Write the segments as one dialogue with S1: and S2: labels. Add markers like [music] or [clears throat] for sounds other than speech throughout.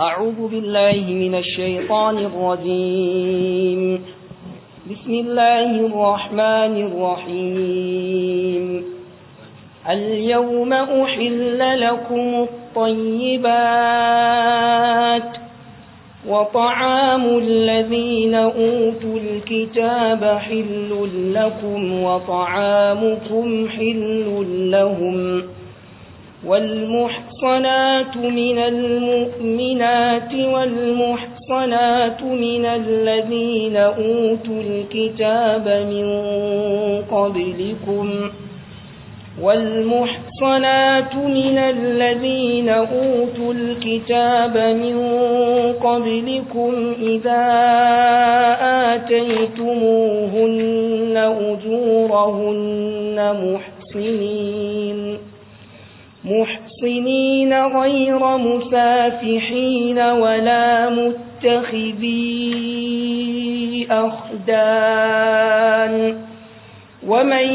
S1: أعوذ بالله من الشيطان الرجيم بسم الله الرحمن الرحيم اليوم أحل لكم الطيبات وطعام الذين أوتوا الكتاب حل لكم وطعامكم حل لهم وطعامكم حل لهم والمحصنات من المؤمنات والمحصنات من الذين أوتوا الكتاب من قبلكم والمحصنات من الذين أوتوا الكتاب من قبلكم إذا آتيتموهن أجورهن محصنين محصنين غير مسافحين ولا متخذي أخدان ومن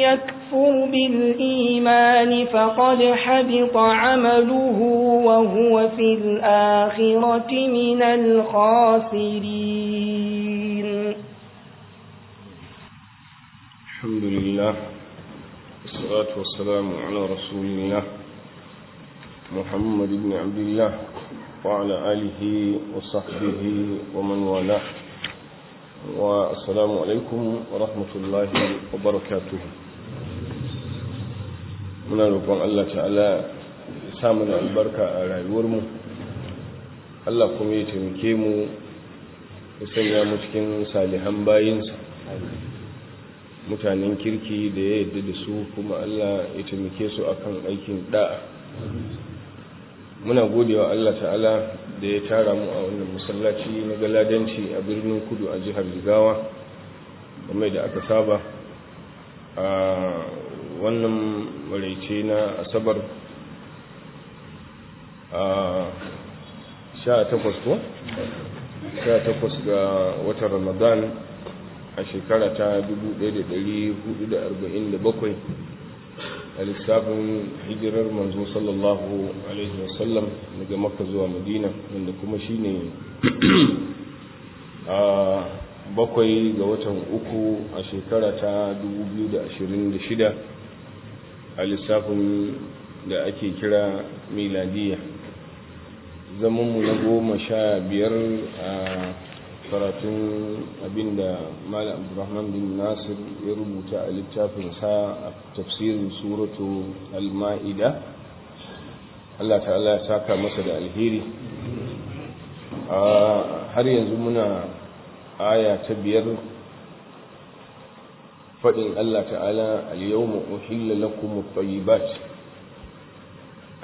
S1: يكفر بالإيمان فقد حبط عمله وهو في الآخرة من الخاسرين
S2: الحمد لله
S3: والصلاة والسلام على رسول الله محمد بن عبد الله وعلى آله وصحبه ومن والاه والسلام عليكم ورحمة الله وبركاته من ربنا الله تعالى سامنا البركة على الورم الله قميت ya taimake mu ya sanya mu mutanen kirki da ya yadda da su kuma Allah ya taimake su akan aikin da'a muna godewa Allah ta'ala da ya tara mu a wannan masallaci na galadanci a birnin kudu a jihar jigawa mai da aka saba a wannan maraice na asabar a sha takwas ko? sha takwas ga watan ramadan a shekara ta 1447 a lissafin hijirar manzo sallallahu alaihi wasallam daga makka zuwa madina wanda kuma shine a bakwai ga watan uku a shekara ta 2026 a lissafin da ake kira miladiya zamanmu na goma sha biyar a karatun abinda malam abdurrahman bin nasir ya rubuta a littafin sa a tafsirin suratu al-ma'ida Allah ta'ala ya saka masa da alheri har yanzu muna aya ta biyar faɗin Allah ta'ala al-yawma uhilla lakum at-tayyibat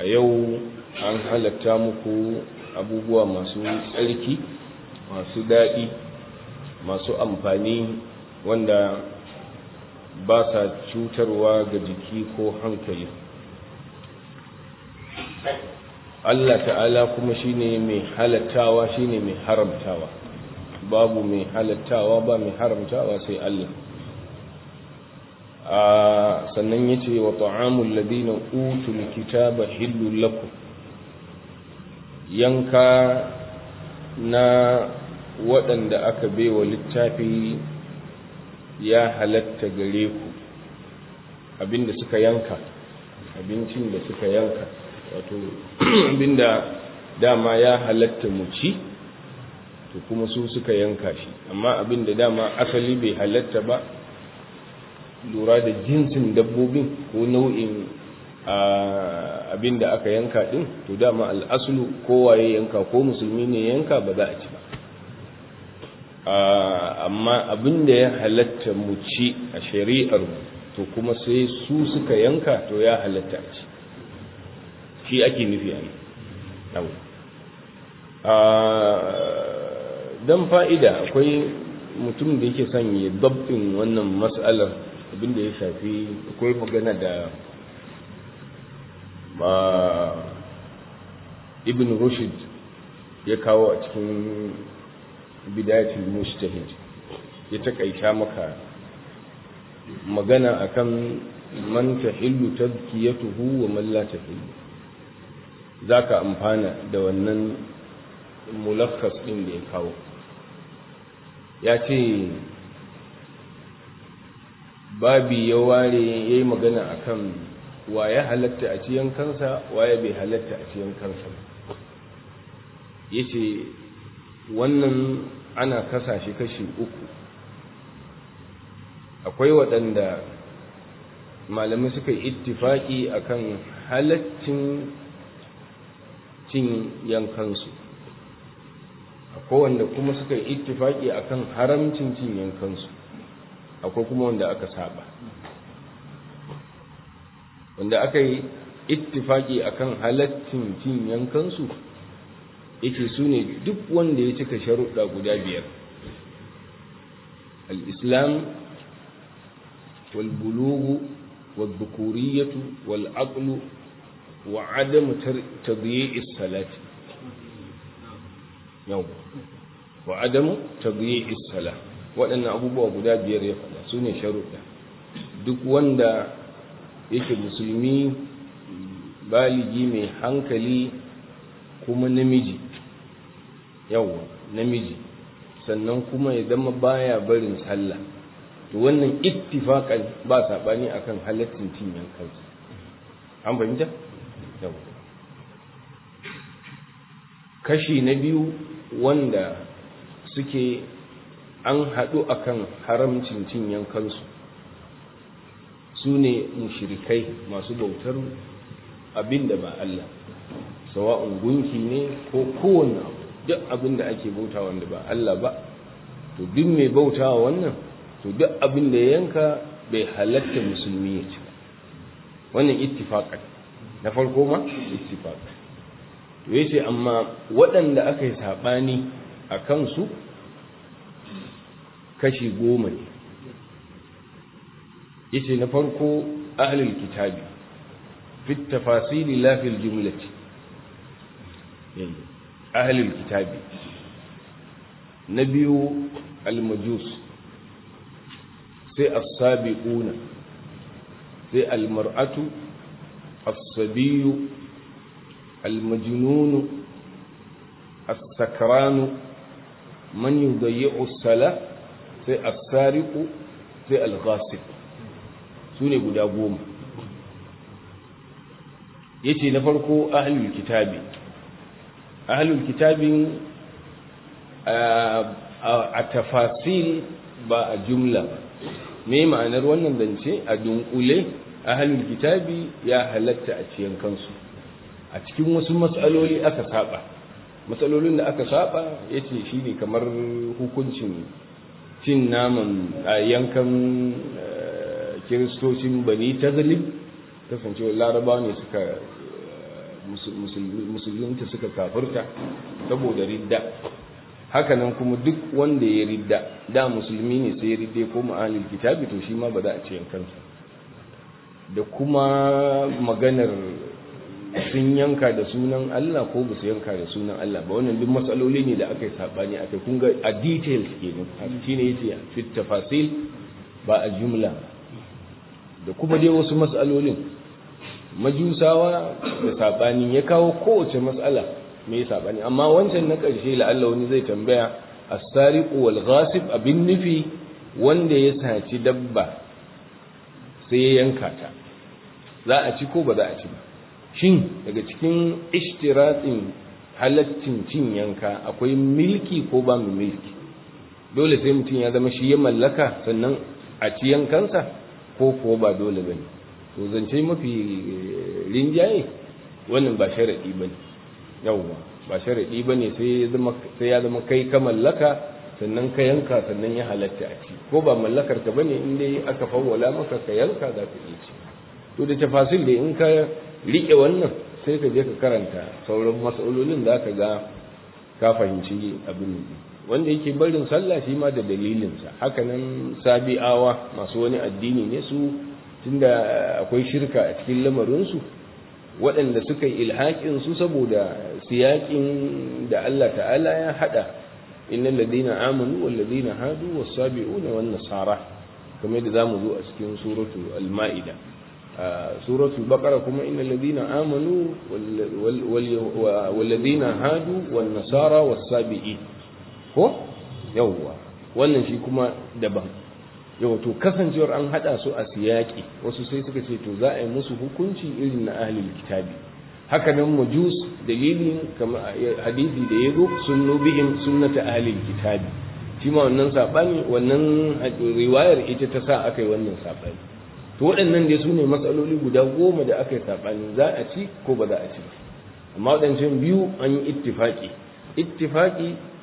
S3: a yau an halatta muku abubuwa masu tsarki masu daɗi masu amfani wanda ba sa cutarwa ga jiki ko hankali Allah ta'ala kuma shine mai halattawa shine mai haramtawa babu mai halattawa ba mai haramtawa sai Allah a sannan ya ce wa ta'amun ladina utul kitaba hillu lakum yanka na waɗanda aka baiwa littafi ya halatta gare ku abinda suka yanka abincin da suka yanka wato [clears throat] abinda dama ya halatta mu ci to kuma su suka yanka shi amma abinda dama asali bai halatta ba lura da jinsin dabbobin ko nau'in abin da aka yanka din to dama al'asulu kowaye yanka ko musulmi ne yanka ba za a ci ba amma abin da ya halatta mu ci a shari'ar to kuma sai su suka yanka to ya halatta a ci shi ake nufi a nan fa'ida akwai mutum da yake son ya dabbin wannan mas'alar abin da ya shafi akwai magana da ba ibn rushd ya kawo a cikin bidayatul mustahid ya takaita maka magana akan man tahillu tazkiyatuhu wa man la tahillu zaka amfana da wannan mulakkas din da ya kawo ya ce babi ya ware yayi magana akan wa ya halatta a ciyan kansa wa ya bai halatta a ciyan kansa yace wannan ana kasashe kashi uku akwai waɗanda malamai suka yi ittifaki akan halaccin cin yankansu akwai wanda kuma suka yi ittifaki akan haramcin cin yankansu akwai kuma wanda aka saba wanda aka yi ittifaki kan halaccin cin yankansu yake su ne duk wanda ya cika sharuɗa guda biyar al-islam wal-bulugu wal-dhukuriyatu wal-aqlu wa adamu tadyi'is salati yau wa adamu tadyi'is salat waɗannan abubuwa guda biyar ya faɗa su ne sharuɗa duk wanda yake musulmi baligi mai hankali kuma namiji yawa namiji sannan kuma ya zama baya barin sallah to wannan ittifaqan ba sabani akan halaccin cin kansu. an fahimta yawa kashi na biyu wanda suke an haɗu akan haramcin cin kansu. su ne mushirikai masu bautar abin da ba Allah sawa'un gunki ne ko kowane duk abin da ake bauta wanda ba Allah ba to duk mai bauta wannan to duk abin da yanka bai halatta musulmi ya ci wannan ittifaqa na farko ma ittifaqa to yace amma waɗanda aka yi sabani a kansu kashi goma ne yace na farko ahlul kitabi fi tafasili la fil jumlati ahlul kitabi na biyu almajus sai as-sabiquna sai almar'atu as-sabiyu المجنون السكران من يضيع الصلاة في السارق في الغاصب su ne guda goma ya ce na farko ahalul kitabi ahalul kitabin a tafasil ba a jumla mai ma'anar wannan zance a dunkule ahalul kitabi ya halatta a ciyan kansu a cikin wasu matsaloli aka saba matsalolin da aka saba ya ce shi ne kamar hukuncin cin naman a yankan kiristocin bani tazali kasancewa Laraba ne suka musulunta suka kafirta saboda ridda hakanan kuma duk wanda ya ridda da musulmi ne sai ya ridde ko ma'anin kitabi to shi ma ba za a ce yankansa da kuma maganar sun yanka da sunan Allah ko ba su yanka da sunan Allah ba wannan duk matsaloli ne da aka yi sabani aka kun ga a details kenan shine yace fit tafasil ba a jumla da kuma dai wasu matsalolin majusawa da sabani ya kawo kowace matsala mai sabani amma wancan na ƙarshe la'alla wani zai tambaya as-sariqu wal ghasib abin nufi wanda ya saci dabba sai ya yanka ta za a ci ko ba za a ci ba shin daga cikin ishtiratin halaccin cin yanka akwai milki ko ba mu milki dole sai mutum ya zama shi ya mallaka sannan a ci yankansa ko kuwa ba dole ba ne to zance mafi rinjaye wannan ba sharaɗi ba ne yawwa ba sharaɗi ba ne sai ya zama kai ka mallaka sannan ka yanka sannan ya halatta a ci ko ba mallakar ka ne in dai aka fawwala maka ka yanka za ka iya ci to da tafasil da in ka riƙe wannan sai ka je ka karanta sauran matsalolin za ka ga ka fahimci abin wanda yake barin sallah shi ma da dalilinsa hakanan sabi'awa masu wani addini ne su tunda akwai shirka a cikin lamarinsu waɗanda suka yi ilhaƙin su saboda siyaƙin da Allah ta'ala ya haɗa innal ladina amanu wa ladina hadu was sabi'una wan sara. kamar da zamu zo a cikin suratu al-ma'ida suratu baqara kuma inna ladina amanu wa ladina hadu wa nasara ko yawwa wannan shi kuma daban yawa to kasancewar an hada su a siyaki wasu sai suka ce to za a yi musu hukunci irin na ahlul kitabi haka nan majus dalilin kamar eh, hadisi da ya zo sunnu bihim sunnata ahlul kitabi shi ma wannan sabani wannan riwayar ita ta sa aka yi wannan sabani to waɗannan dai su ne matsaloli guda goma da aka yi sabani za a ci ko ba za a ci amma waɗancan biyu an yi ittifaki ittifaki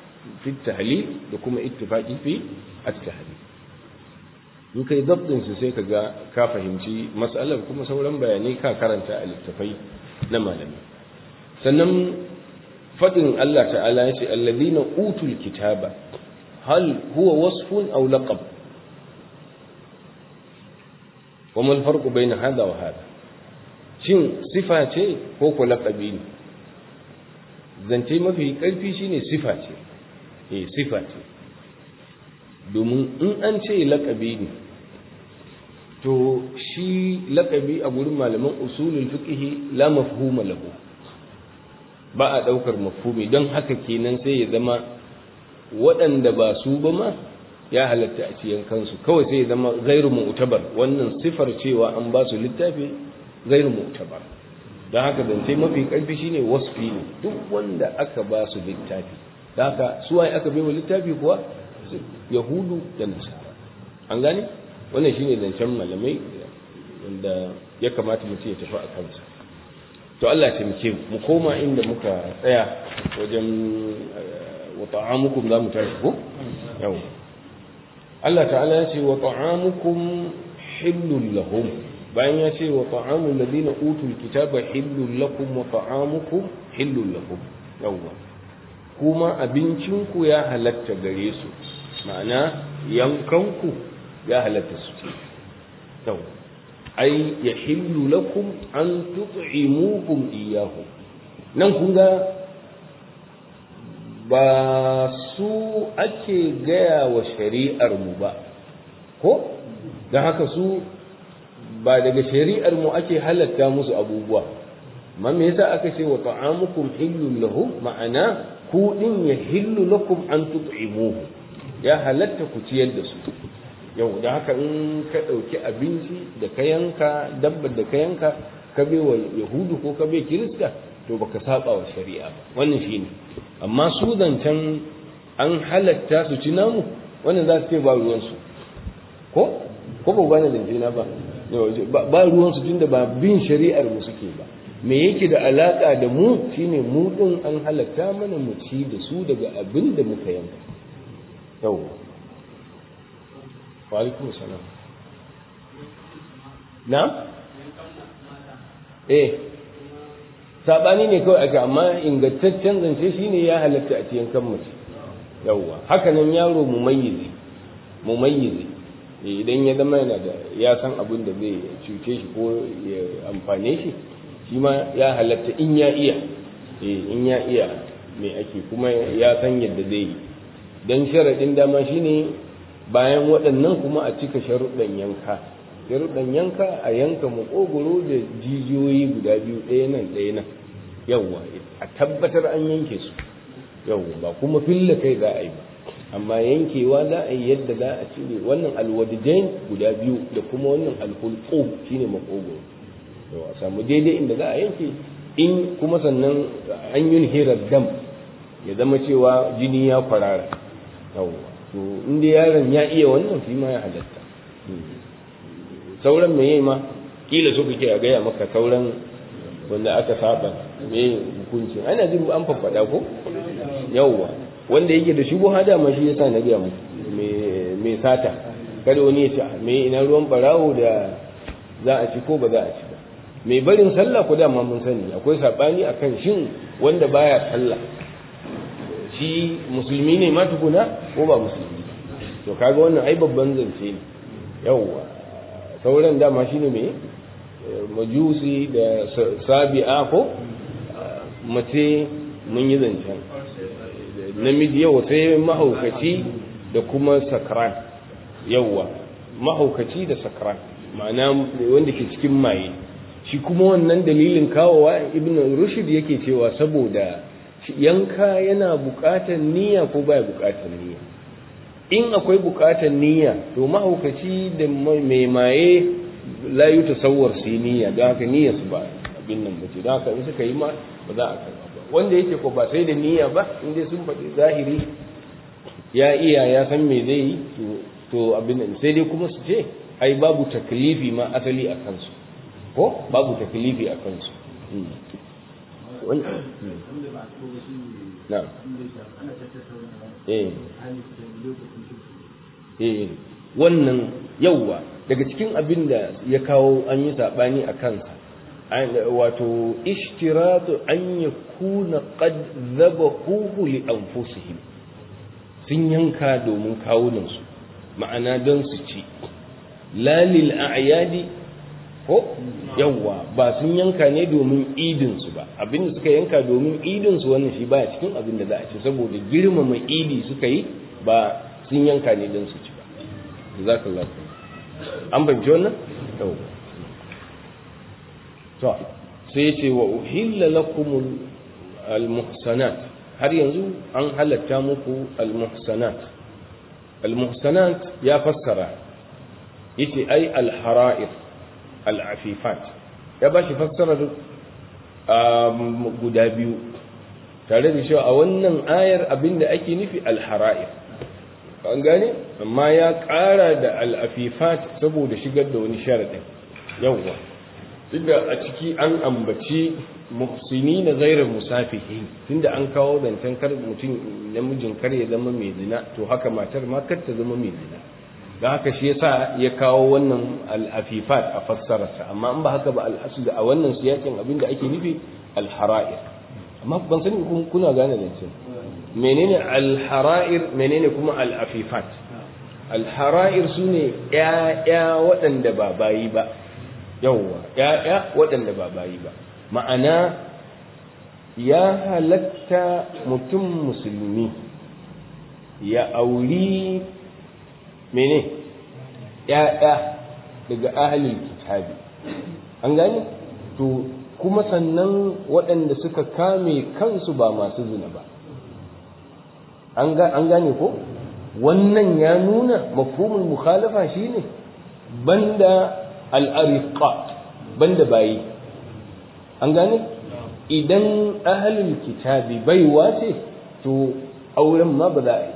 S3: fi tahlil da kuma ittifaqi fi at-tahlil in kai dabtin su sai ka ga ka fahimci mas'alar kuma sauran bayanai ka karanta a littafai na malami sannan faɗin Allah ta'ala ya ce allazina utul kitaba hal huwa wasfun aw laqab wa ma al-farqu wa hadha shin sifa ce ko ko laqabi ne zance mafi ƙarfi shine sifa ce eh sifa ce domin in an ce laƙabi ne to shi laƙabi a gurin malaman usulul fiqhi la mafhuma lahu ba a ɗaukar mafhumi don haka kenan sai ya zama waɗanda ba su ba ma ya halatta a ciyan kansu kawai sai ya zama gairu mu'tabar wannan sifar cewa an ba su littafi gairu mu'tabar don haka zance mafi ƙarfi shine wasfi ne duk wanda aka ba su littafi da haka suwaye aka bai wa littafi kuwa yahudu da nasara an gane wannan shine zancen malamai wanda ya kamata mutum ya tafi a kansa to Allah ya taimake mu koma inda muka tsaya wajen eh, wa ta'amukum za mu tashi ko yau Allah ta'ala ya ce wa ta'amukum hillul lahum bayan ya ce wa ta'amul ladina utul kitaba hillul lakum wa ta'amukum hillul lahum yawwa kuma abincinku ya halatta gare su ma'ana yankanku ya halatta su tau ai ya hillu lakum an tut'imukum iyahu nan kun ga ba su ake gaya wa shari'ar mu ba ko don haka su ba daga shari'ar mu ake halatta musu abubuwa ma me yasa aka ce wa ta'amukum hillun lahum ma'ana ku din ya hillu lakum an tut'imuhu ya halatta ku ciyar da su yau da haka in ka ɗauki abinci da ka yanka dabbar da ka yanka ka bai wa yahudu ko ka bai kirista to baka saba wa shari'a ba wannan shine amma su zancen an halatta su ci namu wannan za su ce ba ruwansu ko ko ba gane da na ba ba ruwansu tunda ba bin shari'ar mu suke ba me yake da alaƙa da mu shine mu din an halatta mana mu ci da su daga abin da muka yanka yau alaikum salam na eh sabani ne kawai aka amma ingantaccen zance shine ya halatta a cikin kan mace yawwa haka nan yaro mu mumayyizi eh, idan ya zama yana da ya san abin da zai cuce shi ko ya amfane shi shi ma ya halatta in ya iya eh, in ya iya me ake kuma ya san yadda zai yi don sharaɗin dama shine bayan waɗannan kuma a cika sharuɗan yanka sharuɗan yanka a yanka maƙogoro da jijiyoyi guda biyu ɗaya nan ɗaya nan yawwa a tabbatar an yanke su yawwa ba kuma filla kai za a yi ba amma yankewa za a yi yadda za a cire wannan alwadijain guda biyu da kuma wannan alhulƙo shine maƙogoro a samu daidai inda za a yanke in kuma sannan an yi hirar dam ya zama cewa jini ya kwarara to inda yaron ya iya wannan fi ma ya halatta sauran mai ma kila su ke a gaya maka sauran wanda aka saba me hukunci ana jin an faɗa ko yawwa wanda yake da hada ma shi yasa na gaya muku sata kada wani ya ce ah, me ina ruwan barawo da za a ci ko ba za a ci mai barin sallah ko dama mun sani akwai sabani akan shin wanda baya sallah shi musulmi ne ma tukuna ko ba musulmi to kaga wannan ai babban zance ne yawwa sauran dama shine me majusi da sabi'a ko mace mun yi zancen
S2: namiji yau sai mahaukaci
S3: da kuma sakran yawwa mahaukaci da sakran ma'ana wanda ke cikin maye shi kuma wannan dalilin kawowa ibn rushd yake cewa saboda yanka yana buƙatar niyya ko baya buƙatar niyya in akwai buƙatar niyya to mahaukaci da mai maye la yi tasawwar su niyya don haka niyya su ba abin nan ba ce don haka in suka yi ma ba za a kai. ba wanda yake ko ba sai da niyya ba in dai sun faɗi zahiri ya iya ya san me zai yi to abin nan sai dai kuma su ce ai babu taklifi ma asali a kansu ko babu taklifi a kansu eh. Eh. wannan yauwa daga cikin abin da ya kawo an yi saɓani a kansa wato ishtiratu an yi kuna zaba huhu li anfusihim sun yanka domin kawunansu ma'ana don su ci lalil a'yadi ko yawwa ba sun yanka ne domin idin su ba abinda suka yanka domin idin su wannan shi baya cikin abin da za a ci saboda girmama idi suka yi ba sun yanka ne don su ci ba jazakallahu an bance wannan yawwa to sai ce wa uhilla lakum al-muhsanat har yanzu an halatta muku al-muhsanat al-muhsanat ya fassara yace ai al-hara'ir al'afifat ya ba shi fassarar um, guda biyu tare da shi a wannan ayar abinda ake nufi alhara'i an gane amma ya ƙara da al'afifat saboda shigar da wani sharaɗin yawwa tunda a ciki an ambaci muhsini na zairar musafihi tunda an kawo zancen kar mutum namijin kar ya zama mai zina to haka matar ma kar ta zama mai zina don haka shi yasa ya kawo wannan al'afifat a fassararsa amma an ba haka ba al'asul a wannan siyakin abin da ake nufi al-hara'ir amma ban sani kuna gane zancen menene al-hara'ir menene kuma al'afifat al-hara'ir su ne waɗanda ba bayi ba yawwa ‘ya'ya waɗanda ba bayi ba ma'ana ya halatta mutum musulmi ya auri mene yaya daga ahalin kitabi an gane to kuma sannan waɗanda suka kame kansu ba masu zina ba an gane ko wannan ya nuna mafhumul mukhalafa shine banda al'ariqat banda bayi an gane idan ahalin kitabi baiwa ce to auren ma ba za a yi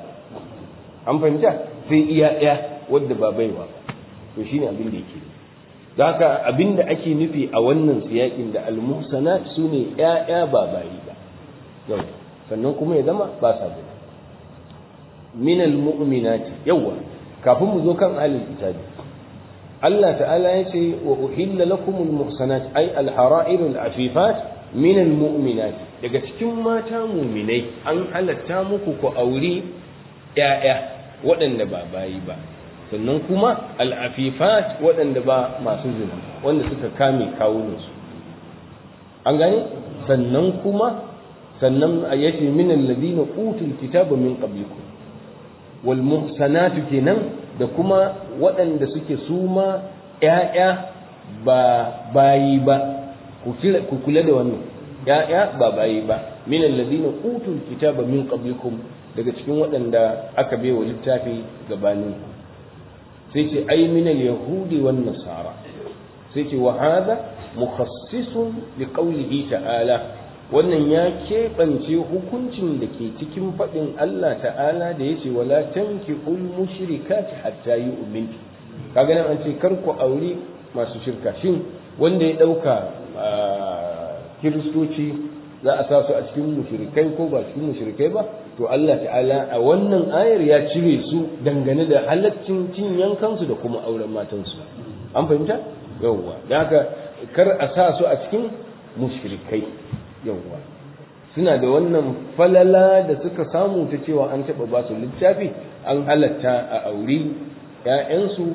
S3: an fahimta sai iya ɗaya wadda ba baiwa to shine abin da yake haka abin da ake nufi a wannan siyakin da su sune ƴaƴa ba bayi ba sannan kuma ya zama ba sa bane min almu'minati yawa kafin mu zo kan ahlul kitabi Allah ta'ala ya ce wa uhilla lakum almuhsanat ay alhara'ir alafifat min almu'minat daga cikin mata mu'minai an halatta muku ku aure ƴaƴa waɗanda ba bayi ba sannan kuma al'afifat waɗanda ba masu zina wanda suka kame kawunansu an gane sannan kuma sannan a minan min alladhina utul kitaba min qablikum wal muhsanatu kenan da kuma waɗanda suke suma ƴaƴa ba bayi ba ku kula da wannan ƴaƴa ba bayi ba min alladhina utul kitaba min qablikum daga cikin waɗanda aka baiwa littafi gabanin sai ce ai al yahudi wan nasara sai ce wa hada mukhassisun qawlihi ta'ala wannan ya keɓance hukuncin da ke cikin faɗin Allah ta'ala da yace wala tankihul mushrikati hatta yu'min kaga nan an ce kar ku auri masu shirka shin wanda ya ɗauka kiristoci za a sa su a cikin mushrikai ko ba cikin mushrikai ba to Allah ta'ala a wannan ayar ya cire su dangane da halaccin cin yankansu da kuma auren matansu an fahimta yawwa da haka kar a sa su a cikin mushrikai yawwa suna da wannan falala da suka samu ta cewa an taɓa ba su littafi an halatta a aure. ‘ya'yansu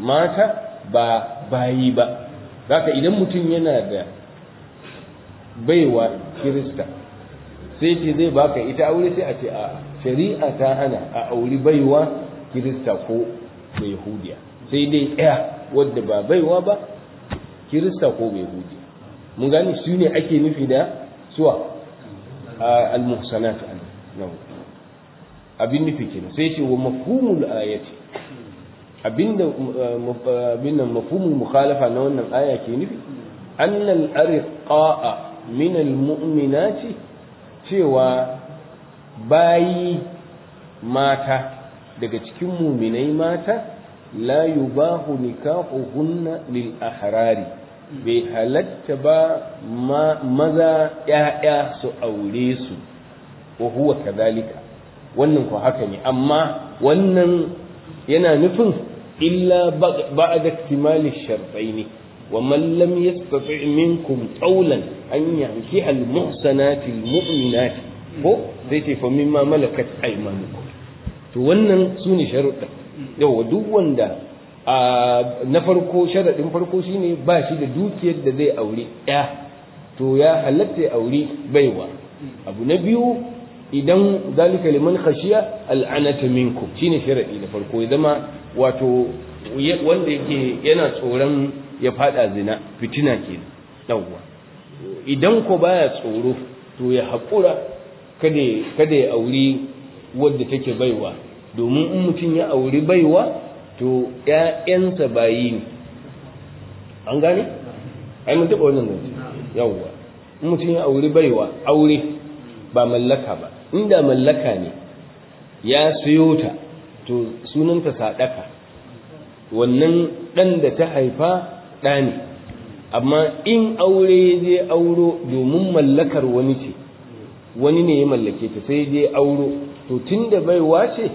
S3: mata ba bayi ba haka idan mutum yana da baiwa kirista sai ce zai baka ita aure sai a ce a shari'a ta hana a auri baiwa kirista ko mai hudiya sai dai ɗaya wadda ba baiwa ba kirista ko mai hudiya mun gani su ne ake nufi da suwa al-muhsanat abin nufi kenan sai ce wa mafhumul ayati abinda abinda mafhumul mukhalafa na wannan aya ke nufi annal arqa'a min al-mu'minati cewa bayi mata daga cikin muminai mata la yubahu nikahuhunna lil ahrari bai halatta ba maza ‘ya'ya su aure su wa huwa kazalika wannan ko haka ne amma wannan yana nufin illa ba a da timalin sharfai ne ومن لم يستطع منكم طولا أن ينكح المحسنات المؤمنات ko zai ce famin ma malakat to wannan su ne sharuɗa yawa duk wanda na farko sharaɗin farko shine bashi da dukiyar da zai auri ɗaya to ya halatta ya aure baiwa abu na biyu idan zalika liman khashiya al'anata minkum shine sharaɗi na farko ya zama wato wanda yake yana tsoron ya fada zina fitina ke ɗauwa idan ko baya tsoro to ya haƙura kada ya auri wadda take baiwa domin in mutum ya auri baiwa to ‘ya'yansa bayi ne an gane? ai mun taɓa wannan zance yauwa in mutum ya auri baiwa aure ba mallaka ba inda mallaka ne ya siyo ta to sunanta sadaka wannan ɗan da ta haifa ɗa ne amma in aure ya je auro domin mallakar wani ce wani ne ya mallake ta sai je auro to tun da baiwa ce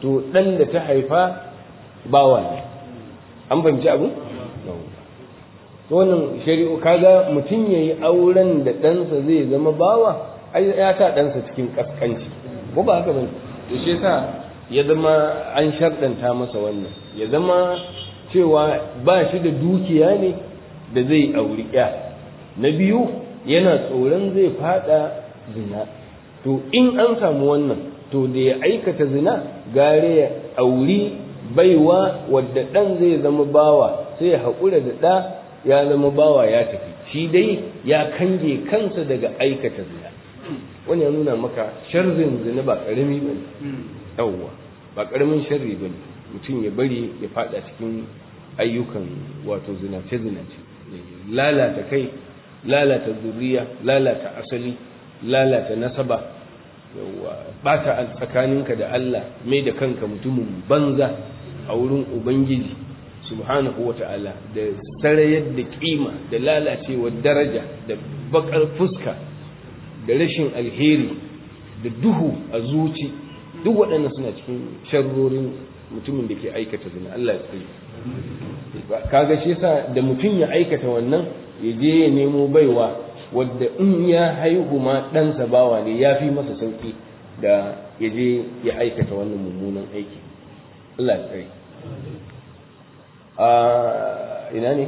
S3: to ɗan da ta haifa bawa ne an fahimci abu to wannan kaga mutum ya yi auren da ɗansa zai zama bawa ai ya sa ɗansa cikin ƙasƙanci ko ba haka ba? to shi sa ya zama an sharɗanta masa wannan ya zama cewa ba shi da dukiya ne da zai auri ya na biyu yana tsoron zai fada zina to in an samu wannan to da ya aikata zina gare ya auri baiwa wadda ɗan zai zama bawa sai ya haƙura da ɗa ya zama bawa ya tafi shi dai ya kange kansa daga aikata zina wani ya nuna maka sharrin zina ba ƙarami ba ne hmm. yawwa ba ƙaramin sharri ba ne mutum ya bari ya faɗa cikin ayyukan wato zinace-zinace lalata kai lalata zuriya lalata asali lalata nasaba bata tsakaninka da Allah mai da kanka mutumin banza a wurin ubangiji subhanahu wata'ala da sarayar da kima da lalacewa daraja da bakar fuska da rashin alheri da duhu a zuci duk waɗannan suna cikin sharrorin mutumin da ke aikata zina Allah ya tsaye kaga shi sa da mutum ya aikata wannan ya je ya nemo baiwa wadda in ya haihu ma ɗansa bawa ne ya fi masa sauki da ya je ya aikata wannan mummunan aiki Allah ya tsare a ina ne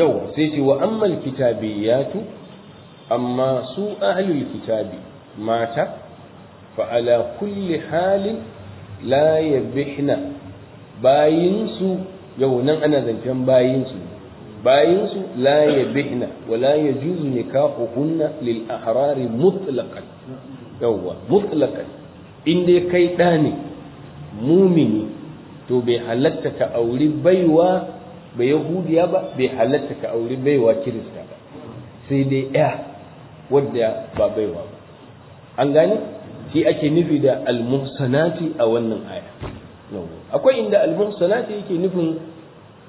S3: yau sai ce wa ammal tu, amma su ahlul kitabi mata fa ala kulli halin la yabihna bayinsu yau nan ana zancen bayinsu bayinsu la ya bihna wa la ya juzu nikahuhunna lil ahrari mutlaqan yawwa mutlaqan in kai ɗa ne mumini to bai halatta ka auri baiwa ba yahudiya ba bai halatta ka auri baiwa kirista ba sai dai ya, wadda ba baiwa ba an gane shi ake nufi da al-muhsanati a wannan aya akwai inda al-muhsanati yake nufin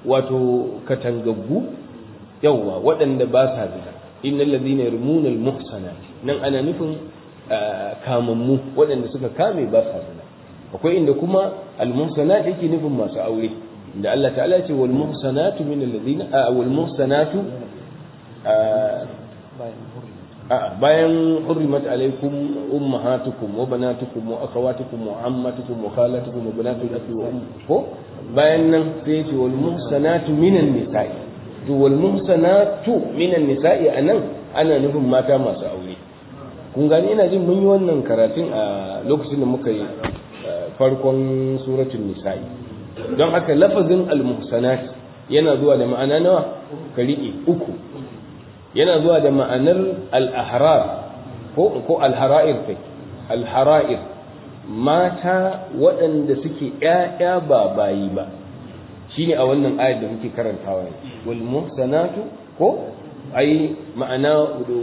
S3: wato katangaggu yawwa waɗanda ba sa zina innal ladhina yarmuna al-muhsanati nan ana nufin ah, kamammu waɗanda suka kame ba sa zina akwai inda kuma al-muhsanat yake nufin masu aure inda Allah ta'ala ce wal muhsanatu min alladhina ah, wal muhsanatu ah, bayan hurrimat alaikum ummahatukum wa banatukum wa akhawatukum wa ammatukum wa khalatukum wa banatul akhi wa um ko bayan nan sai ce wal muhsanatu minan nisa'i to wal muhsanatu minan nisa'i anan ana nufin mata masu aure kun gani ina jin mun yi wannan karatun a lokacin da muka yi farkon suratul nisa'i don haka lafazin al muhsanat yana zuwa da ma'ana nawa kariki uku yana zuwa da ma'anar al-ahrar ko ko al-hara'ir take al-hara'ir mata waɗanda suke ƴaƴa ba bayi ba shine a wannan ayar da muke karantawa wal muhsanatu ko ai ma'ana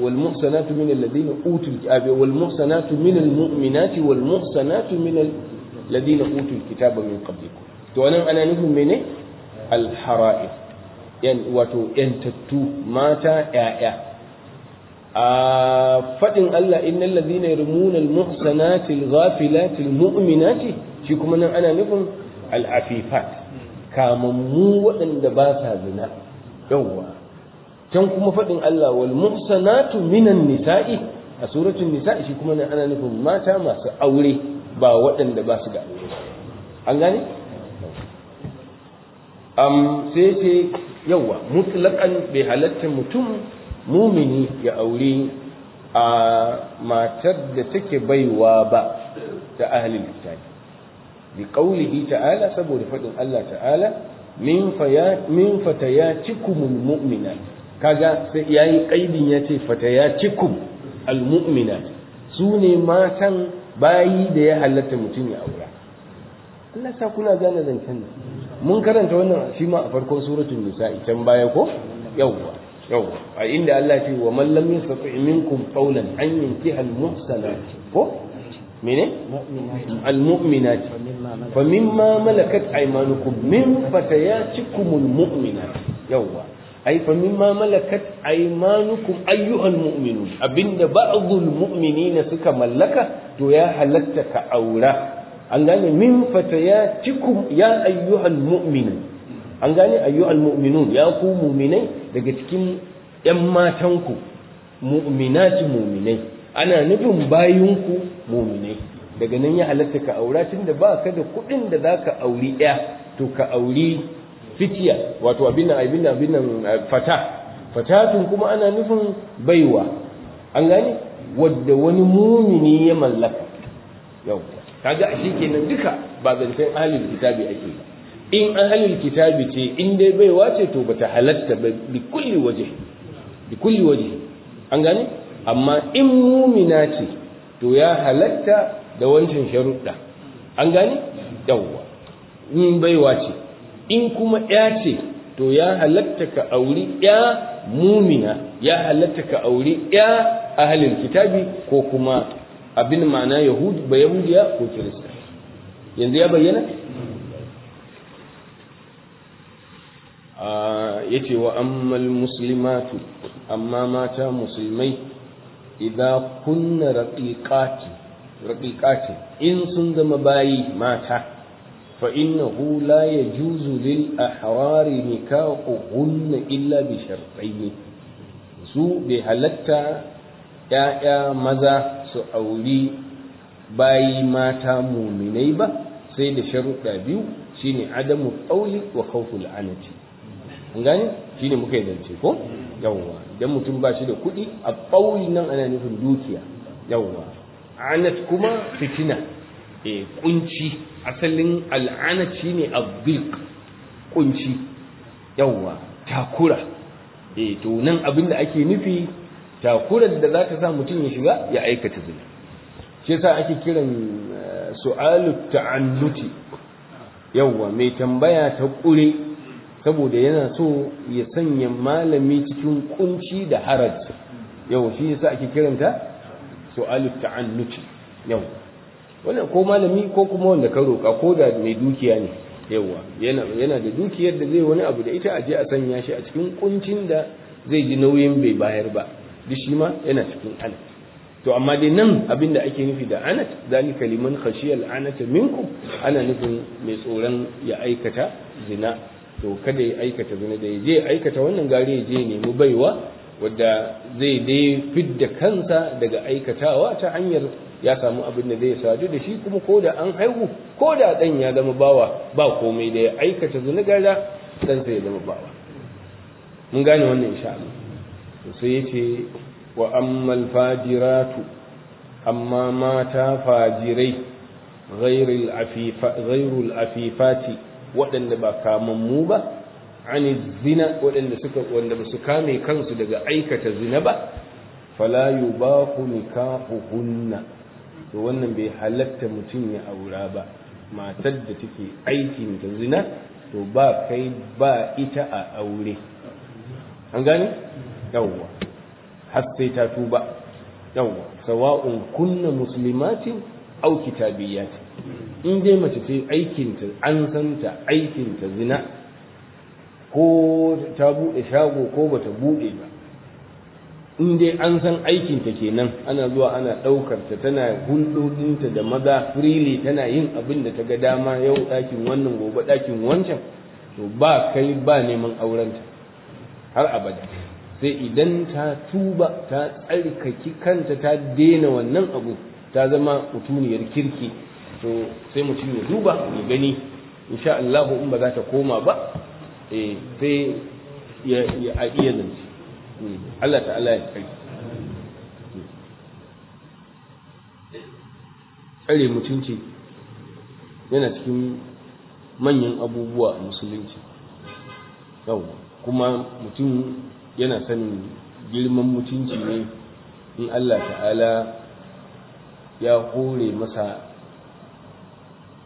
S3: wal muhsanatu min alladhina utul kitaba wal muhsanatu min al mu'minati wal muhsanatu min alladhina utul kitaba min qablikum to anan ana nufin mene al hara'ir wato yantattu mata ‘ya'ya a faɗin Allah innal ladhina yarmuna al-muhsanati al-ghafilati al-mu'minati shi kuma nan ana nufin al-afifat kamammu waɗanda ba sa zina yawwa can kuma faɗin Allah wal muhsanatu minan nisa'i a suratun nisa'i shi kuma nan ana nufin mata masu aure ba waɗanda ba su da aure an gane um sai ce yawa mutlaqan bai halatta mutum mumini ya aure a matar da take baiwa ba ta ahli littafi, bi qawlihi ta'ala saboda faɗin Allah ta'ala min fata min fatayatikumul mu'minat kaga sai yayi kaidin yace fatayatikum almumina su sune matan bayi da ya halatta mutum ya aura Allah sa kuna gane zancen nan mun karanta wannan shi ma a farkon suratul nisa can baya ko yawwa yawwa a inda Allah ce wa man lam yastati minkum qawlan an yankiha al muhsanat ko mene al mu'minat fa mimma malakat aymanukum min fatayatikum al mu'minat yawwa ai fa mimma malakat aymanukum ayyuhal mu'minun abinda ba'dhu al mu'minina suka mallaka to ya halatta ka aura an gane min cikin ya ayyuhal mu'min an gane ayyuhal mu'minun ya ku mu'minai daga cikin yan matanku mu'minati mu'minai ana nufin bayinku mu'minai daga nan ya halatta ka aura tunda ba ka da kuɗin da za ka auri ɗaya to ka auri fitiya wato abin da abin nan abin nan eh, fata fatatun kuma ana nufin baiwa an gane wadda wani mumini ya mallaka yau kaga a kenan duka ba zancen ahlul kitabi ake ba in ahlul kitabi ce in dai baiwa ce to bata halatta ba bi kulli waje bi kulli waje an gane amma in mumina ce to ya halatta da wancan sharuɗa an gane yawwa in baiwa ce in kuma ya ce to ya halatta ka auri ya mumina ya halatta ka auri ya ahlul kitabi ko kuma abin ma'ana yahudi ba yahudiya ko kirista yanzu ya bayyana ah, ya ce wa ammal muslimatu amma mata musulmai idan kunna raƙiƙati raƙiƙati in sun zama bayi mata fa innahu la yajuzu lil ahrari nikahuhunna illa bi shartayn su bai halatta ‘ya'ya maza su auri bayi mata muminai ba sai da sharuɗa biyu shine adamu ƙauli wa khawful anati an gane shine muka yi zance ko yawwa idan mutum ba shi da kuɗi a ƙauli nan ana nufin dukiya yawwa anat kuma fitina e eh, kunci asalin al'ana shine abdiq kunci yawwa takura eh to nan abin da ake nufi takurar da za ta sa mutum ya shiga ya aikata zina shi sa ake kiran eh, su'alu ta'annuti yawwa mai tambaya ta ƙure saboda yana so ya sanya malami cikin kunci da haraj yawwa shi yasa ake kiranta su'alu ta'annuti yawwa wannan ko malami ko kuma wanda ka roƙa ko da mai dukiya ne yawwa yana da dukiyar da zai wani abu da ita a je a sanya shi a cikin kuncin da zai ji nauyin bai bayar ba duk shi ma yana cikin anat to amma dai nan abin da ake nufi da anat zalika liman khashiyal anata minku ana nufin mai tsoron ya aikata zina to kada ya aikata zina da ya je aikata wannan gari ya je nemi baiwa wadda zai dai fidda kansa daga aikatawa ta hanyar ya samu abin da zai sadu da shi kuma ko da an haihu ko da dan ya zama bawa ba komai da ya aikata zina gara dan sai ya zama bawa mun gane wannan insha Allah sai ya ce wa ammal fajiratu amma mata fajirai ghairul afifati waɗanda ba mu ba ani zina waɗanda suka wanda su kame kansu daga aikata zina ba fala yubahu nikahuhunna to wannan bai halatta mutum ya aura ba matar da take aikin ta zina to ba kai ba ita a aure an gane yawwa har sai ta tuba yawwa sawa'un kunna muslimati aw kitabiyyatin in dai mace aikin ta an san ta aikin ta zina ko ta bude shago ko bata bude ba in dai an san aikin aikinta kenan ana zuwa ana ɗaukar ta tana ta da maza freely tana yin abin da ta ga dama yau ɗakin wannan gobe ɗakin wancan to ba kai ba neman aurenta har abada sai idan ta tuba ta tsarkaki kanta ta daina wannan abu ta zama mutuniyar kirki to sai mutum ya duba ya gani insha Allah in ba za ta koma ba eh sai ya a iya zance Allah ta'ala ya tsare tsare mutunci yana cikin manyan abubuwa a musulunci kuma mutum yana sanin girman mutunci ne in Allah ta'ala ya hore masa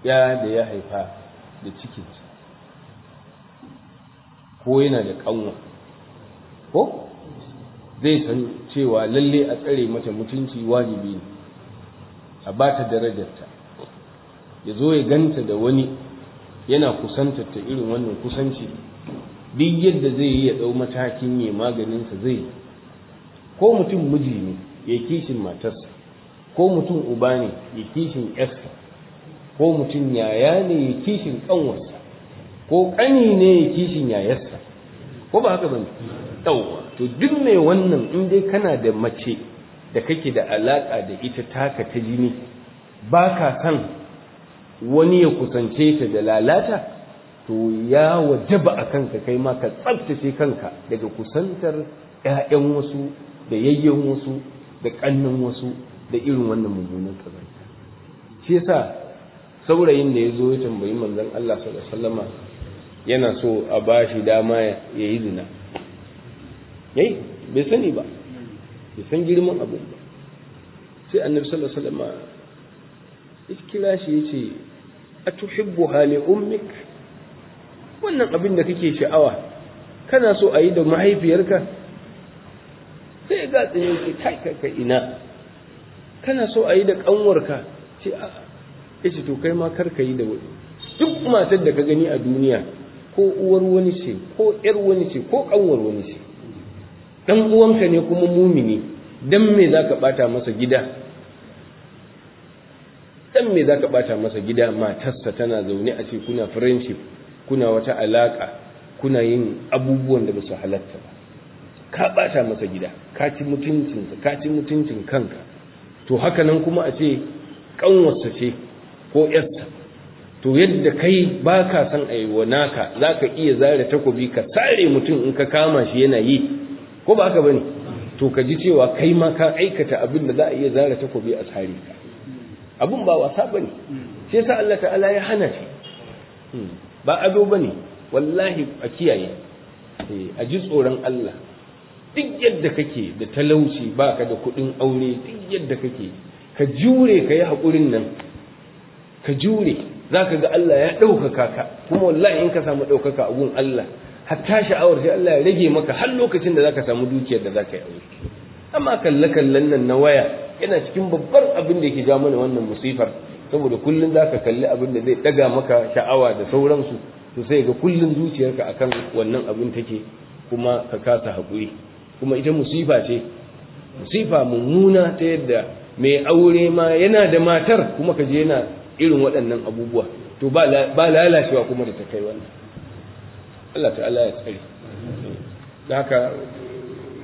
S3: ya da ya haifa da cikin ko yana da kanwa ko zai san cewa lalle a tsare mata mutunci wajibi ne a ba ta darajarta ya zo ya ganta da wani yana kusantar ta irin wannan kusanci duk yadda zai yi ya ɗau matakin ya maganinsa zai yi ko mutum miji ne ya kishin matarsa ko mutum uba ne ya kishin yarsa ko mutum yaya ne ya kishin ƙanwarsa ko ƙani ne ya kishin yayarsa ko ba haka ba ne ɗauwa to duk mai wannan in dai kana da mace da kake da alaƙa da ita taka ta jini ba ka san wani ya kusance ta da lalata to ya wajaba a kanka kai ma ka tsabtace kanka daga kusantar ‘ya'yan wasu da yayyen wasu da ƙannan wasu da irin wannan mummunan ƙazanta shi yasa saurayin da ya zo ya tambayi manzon Allah sallallahu sallama yana so a ba shi dama ya yi zina yayi bai sani ba bai san girman abin ba sai annabi sallallahu alaihi wasallama ya kira shi yace atuhibbu hali ummik wannan abin da kake sha'awa kana so a yi da mahaifiyarka sai ga tsaye ce kai kai ina kana so a yi da kanwarka ce a ya to kai ma kar ka yi da wani duk matar da ka gani a duniya ko uwar wani ce ko yar wani ce ko kanwar wani ce dan uwanka ne kuma mumini dan me zaka bata masa gida dan me zaka bata masa gida matarsa tana zaune a ce kuna friendship kuna wata alaka kuna yin abubuwan da ba su halatta ba ka bata masa gida ka ci mutuncinsa ka ci mutuncin kanka to haka nan kuma a ce kanwarsa ce ko yarsa to yadda kai ba ka san a yi naka za ka iya zare takobi ka sare mutum in ka kama shi yana yi ko ba haka ba to ka ji cewa kai ma ka aikata abin da za a iya zare takobi a sare ka abin ba wasa ba sai sa Allah ta'ala ya hana shi hmm. ba ado ba ne wallahi a kiyaye eh, a ji tsoron Allah duk yadda kake da talauci ba ka da kuɗin aure duk yadda kake ka jure ka yi haƙurin nan ka jure za ka ga Allah ya ɗaukaka ka kuma wallahi in ka samu ɗaukaka a gun Allah hatta sha'awar sai Allah ya rage maka har lokacin da za ka samu dukiyar da za ka yi aure amma kalle-kallen nan na waya yana cikin babbar abin da yake ja mana wannan musifar saboda kullun zaka kalli abin da zai daga maka sha'awa da sauransu to sai ga kullun zuciyarka akan wannan abin take kuma ka kasa hakuri. kuma ita musifa ce musifa mummuna ta yadda mai aure ma yana da matar kuma ka je yana irin waɗannan abubuwa to ba lalacewa kuma da ta kai wannan Allah ta'ala ya tsare da haka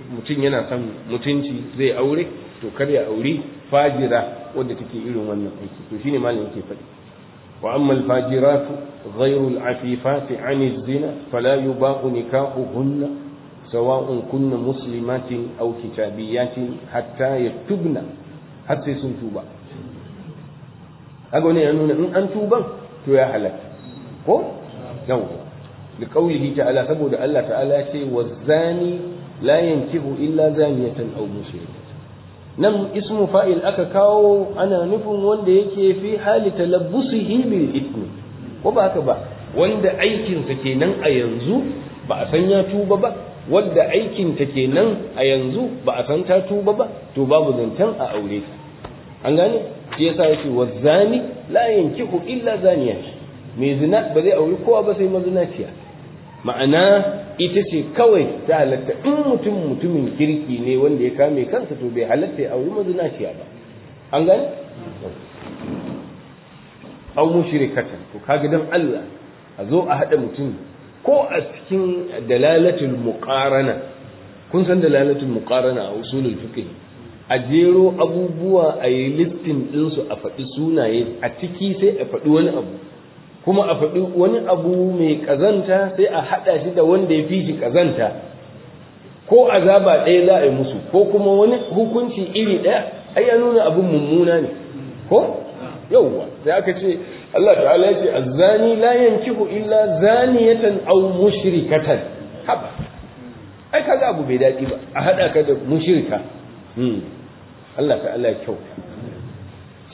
S3: mutum yana son mutunci zai aure to kar ya aure fajira wadda take irin wannan aiki to shine malamin ke faɗi wa amma al-fajiratu ghayru al-afifati 'an az-zina fala yubaqu nikahuhunna sawa'un kunna muslimatin aw kitabiyatin hatta yaktubna har sai sun tuba kaga wani ya nuna in an tuban to ya halatta ko yawwa li qawlihi ta'ala saboda Allah ta'ala ya ce wa zani la yankihu illa zaniyatan aw mushrika nan ismu fa'il aka kawo ana nufin wanda yake fi hali talabbusihi bil ismi ko ba haka ba wanda aikinsa kenan a yanzu ba a san ya tuba ba wanda aikinta kenan a yanzu ba a san ta tuba ba to babu zancen a aure ta an gane shi yasa yake wa zani la yankihu illa zaniya mai zina ba zai aure kowa ba sai mazinaciya ma'ana ita ce kawai ta halatta in mutum mutumin kirki ne wanda ya kame kansa to bai halatta ya auri mazinaciya ba an gani an mushrikatan to kaga dan Allah a zo a hada mutum ko a cikin dalalatul muqarana kun san dalalatul muqarana a usulul fiqh a jero abubuwa a yi listin ɗinsu a faɗi sunaye a ciki sai a faɗi wani abu kuma a faɗi wani abu mai ƙazanta sai a haɗa shi da wanda ya fi shi ƙazanta ko azaba ɗaya za a yi musu ko kuma wani hukunci iri ɗaya ai ya nuna abin mummuna ne ko yauwa sai aka ce Allah ta'ala ya ce azzani la yankihu illa zaniyatan aw mushrikatan haba ai kaga abu bai daɗi ba a haɗa ka da mushrika hmm. Allah ta'ala ya kyauta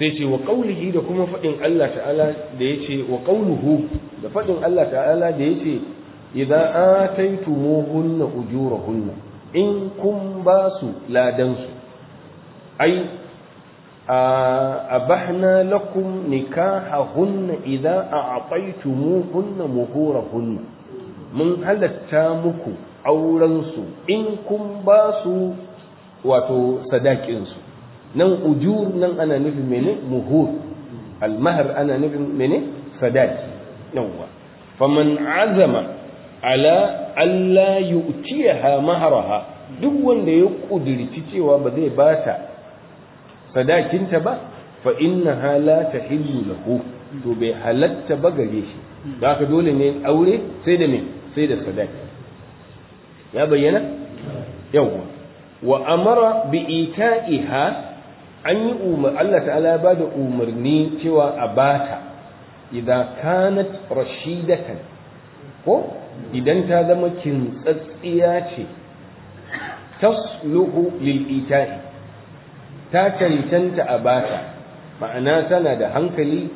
S3: sai ce wa da kuma fadin Allah ta'ala da yace wa qauluhu da fadin Allah ta'ala da yace idza ataytumuhunna ujurahunna in kun ba su ladan su ai abahna lakum nikahahunna idza a'taytumuhunna muhurahunna mun halatta muku aurensu in kun ba su wato sadakin su nan ujur nan ana nufin mene muhur almahar ana nufin mene sadaki yawwa faman azama ala alla yu'tiha maharaha duk wanda ya kudirci cewa ba zai ba ta sadakinta ba fa innaha la tahillu lahu to bai halatta ba gare shi da haka dole ne aure sai da me sai da sadaki ya bayyana yawwa wa amara bi ita'iha an yi umar Allah ta'ala ba bada umarni cewa a bata idan kanat rashidatan ko idan ta zama kintsatsiya ce tasluhu lil itahi ta cancanta a bata ma'ana tana da hankali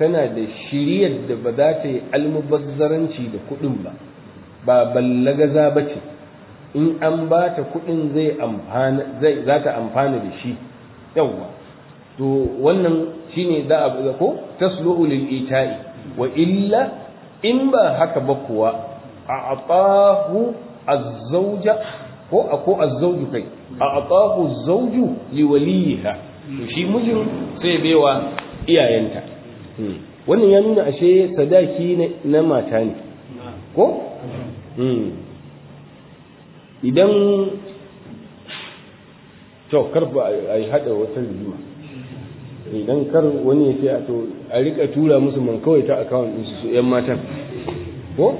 S3: tana da shiriyar da ba za ta yi almubazzaranci da kuɗin ba ba ballagaza ba ce in an ba ta kuɗin za ta amfana da shi yawwa to wannan shine za a ko tasluu lil ita'i wa illa in ba haka ba kuwa a atahu az-zawja ko ako az-zawju kai a atahu az-zawju li waliha to shi mijin sai baiwa iyayenta hmm. wannan ya nuna ashe sadaki na mata ne ko hmm. idan to kar ba a yi haɗa wata rigima idan kar wani ya ce a to a rika tura musu man kawai ta akawun ɗinsu su 'yan matan ko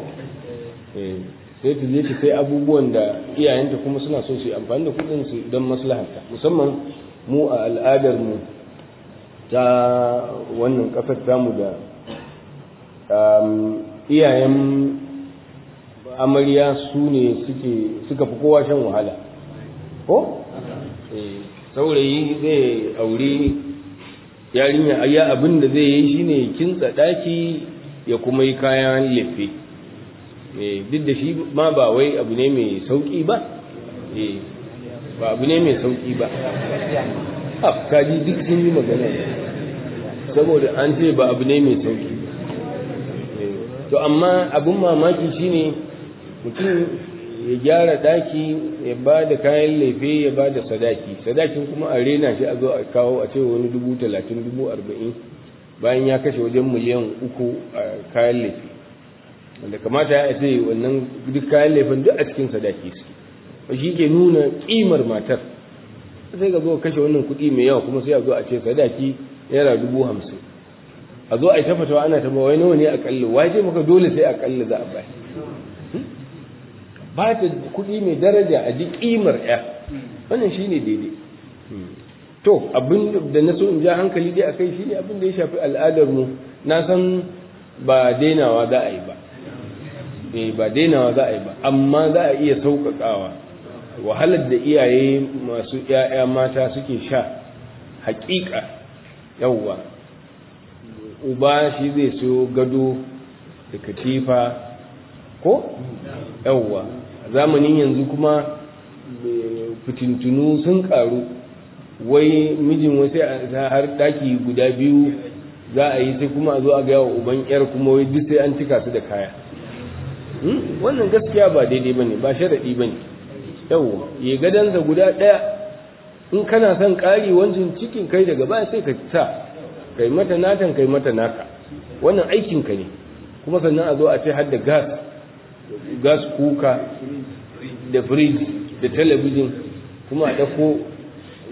S3: eh, sai ta je ta sai abubuwan da iyayenta kuma suna so su yi amfani da kuɗinsu su don maslahanta musamman mu a al'adar mu ta wannan ƙasar tamu da um, iyayen amarya su ne suke suka fi kowa shan wahala ko saurayi zai aure yarinya ayya abin da zai yi shine kinsa daki ya kuma yi kayan lefe eh, duk da shi ma ba wai abu ne mai sauki ba eh, ba abu ne mai sauki ba kaji duk sun yi magana saboda an ce ba abu ne mai sauki eh, to amma abin mamaki shine mutum ya gyara daki ya ba da kayan laife ya ba da sadaki sadakin kuma a rena shi a zo a kawo a ce wani dubu talatin dubu arba'in bayan ya kashe wajen miliyan uku a kayan laife wanda kamata ya ce wannan duk kayan laifin duk a cikin sadaki su shi ke nuna kimar matar sai ga zo kashe wannan kuɗi mai yawa kuma sai a zo a ce sadaki naira dubu hamsin a zo a yi tafatawa ana ta wai nawa ne a kalli wai maka dole sai a za a bayar ba ta kuɗi mai daraja a ji ƙimar ya wannan shi ne daidai hmm. to abin da na so in ja hankali dai a kai shi ne abin da ya shafi al'adar mu na san ba dainawa za a yi ba eh ba dainawa za a yi ba amma za a iya sauƙaƙawa wahalar da iyaye masu ‘ya'ya mata suke sha haƙiƙa yawwa uba shi zai siyo gado da katifa ko yawwa zamanin yanzu kuma eh, fitintunu sun karu wai mijin wasu har daki guda biyu za a yi sai kuma a zo a gaya wa uban yar kuma wai duk sai an cika su da kaya hmm? wannan gaskiya ba daidai ba ne ba sharaɗi ba ne Yau, ya gadansa guda ɗaya in kana son ƙari wancan cikin kai daga baya sai ka sa kai mata natan kai mata naka wannan aikinka ne kuma sannan a zo a ce har da gas gas kuka da fridge da talabijin kuma a ɗauko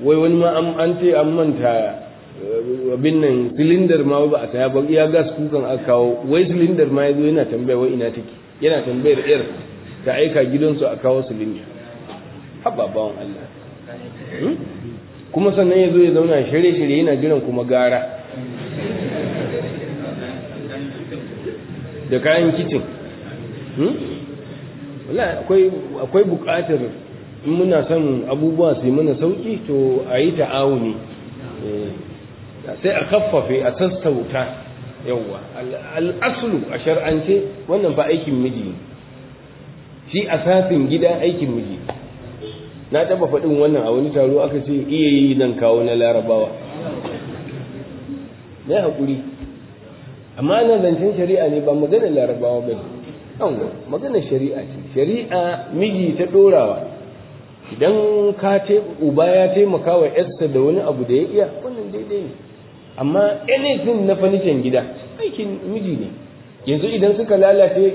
S3: wai wani ma an ce an manta eh, abin nan silindar ma ba a saya ba iya gas kukan aka kawo wai silindar ma yazo yana tambaya wai ina take yana tambayar yar ta aika gidansu a kawo silindar haba bawan Allah hmm? kuma sannan yazo ya zauna shirye shirye yana jiran kuma gara da kayan kicin Hmm? akwai buƙatar in muna son abubuwa su yi mana sauƙi to a yi ta'awuni eh, sai a kaffafe a sassauta yawwa Al'asulu, a shar'ance wannan ba aikin miji shi asasin gida aikin miji na taba faɗin wannan a wani taro aka ce iya yi nan kawo na larabawa na haƙuri amma na zancen shari'a ne ba maganar larabawa ba ne yawwa magana shari'a ce shari'a miji ta dorawa idan ka ce uba ya taimaka wa yarsa da wani abu da ya iya wannan daidai ne amma anything na fanishin gida aikin miji ne yanzu idan suka lalace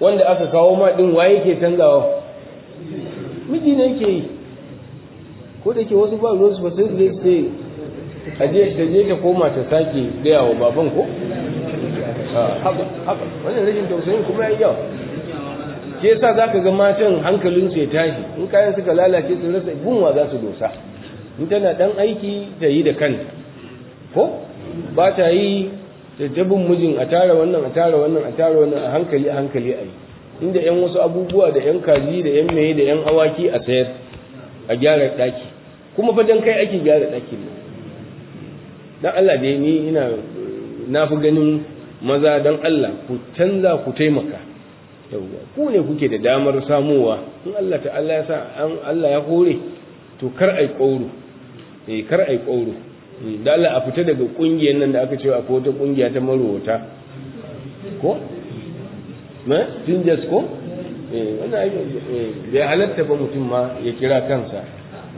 S3: wanda aka kawo ma din waye ke tangawa? miji ne ke yi ko da ke wasu ba ruwansu ba sai zai sai ta je ta koma ta sake gaya wa baban ko
S2: haka haka wannan rashin
S3: tausayin kuma yayi yawa ke yasa zaka ga matan hankalin su ya tashi in kayan suka lalace su rasa gunwa za su dosa in tana dan aiki ta yi da kan ko ba ta yi da jabin mijin a tara wannan a tara wannan a tara wannan a hankali a hankali a yi inda yan wasu abubuwa da yan kaji da yan meye da yan awaki a sayar a gyara daki kuma fa kai ake gyara dakin nan dan Allah dai ni ina na fi ganin maza don Allah ku canza ku taimaka yauwa ku ne kuke da damar samuwa in Allah ta Allah ya sa an Allah ya hore to kar ai kauro eh kar ai kauro eh, da Allah a fita daga kungiyar nan da aka ce akwai wata kungiya ta marowata ko na tinjas ko eh wannan eh, bai halatta ba mutum ma ya kira kansa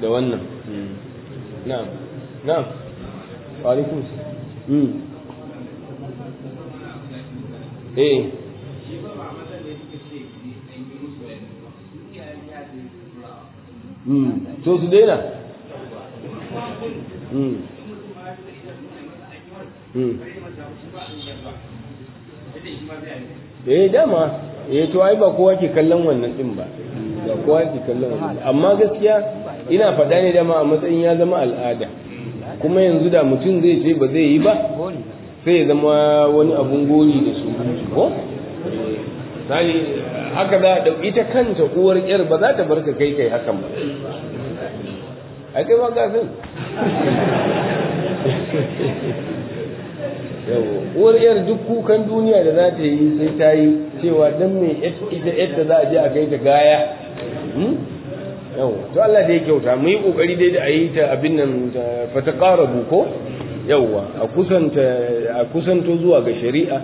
S3: da wannan
S2: hmm. na'am na'am wa alaikum salam hmm. eh
S3: hmm. to su daina hmm. hmm. eh dama eh to ai ba kowa ke kallon wannan din ba ba kowa ke kallon wannan amma gaskiya ina faɗa ne dama a matsayin ya zama al'ada kuma yanzu da mutum zai ce ba zai yi ba sai ya zama wani abun gori da su ko sani haka za da ita kanta uwar yar ba za ta bar ka kai kai hakan ba
S2: a kai ba gasin
S3: uwar yar duk kukan duniya da za ta yi sai ta yi cewa don me ita yadda za a je a kai ta gaya hmm? yau to Allah da ya kyauta mu yi kokari dai da a yi ta abin nan fa ta ƙara buko yauwa a kusanta a kusanto zuwa ga shari'a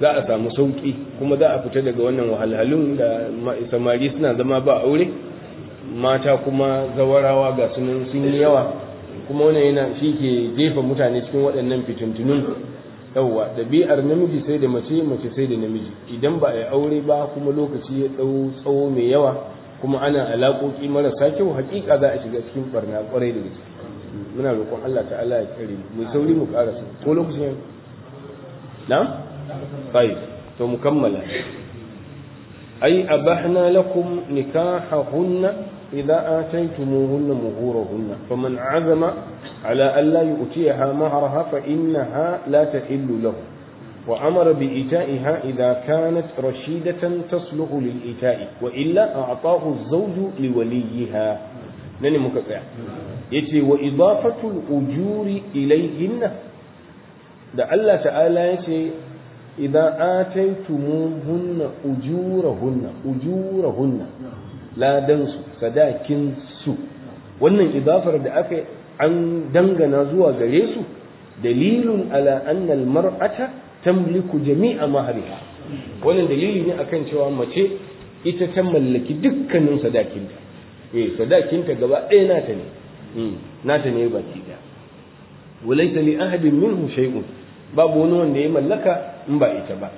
S3: za a samu sauki kuma za a fita daga wannan wahalhalun da samari suna zama ba aure mata kuma zawarawa ga sunan sun yi yawa kuma wannan yana shi ke jefa mutane cikin waɗannan fitintunun yawwa ɗabi'ar namiji sai da mace mace sai da namiji idan ba a yi aure ba kuma lokaci ya ɗau tsawo mai yawa kuma ana alaƙoƙi marasa kyau haƙiƙa za a shiga cikin barna ƙwarai da gaske muna roƙon Allah ta'ala ya tsare mu sauri mu ƙara ko lokacin na
S2: طيب تو مكملة
S3: أي أبحنا لكم نكاحهن إذا آتيتموهن مهورهن فمن عزم على ألا يؤتيها مهرها فإنها لا تحل له وأمر بإيتائها إذا كانت رشيدة تصلح للإيتاء وإلا أعطاه الزوج لوليها نني مكفع يتي وإضافة الأجور إليهن ده الله تعالى يتي idan ataytumuhunna ujurahunna ujurahunna ujura su sadakin su wannan idafar da aka an dangana zuwa gare su dalilun ala anna almar'ata tamliku jami'a mahriha wannan dalili ne akan cewa mace ita ta mallaki dukkanin sadakinta eh sadakinta gaba ɗaya nata ne nata ne baki ɗaya walaita li ahadin minhu shay'un babu wani wanda ya mallaka in ba ita ba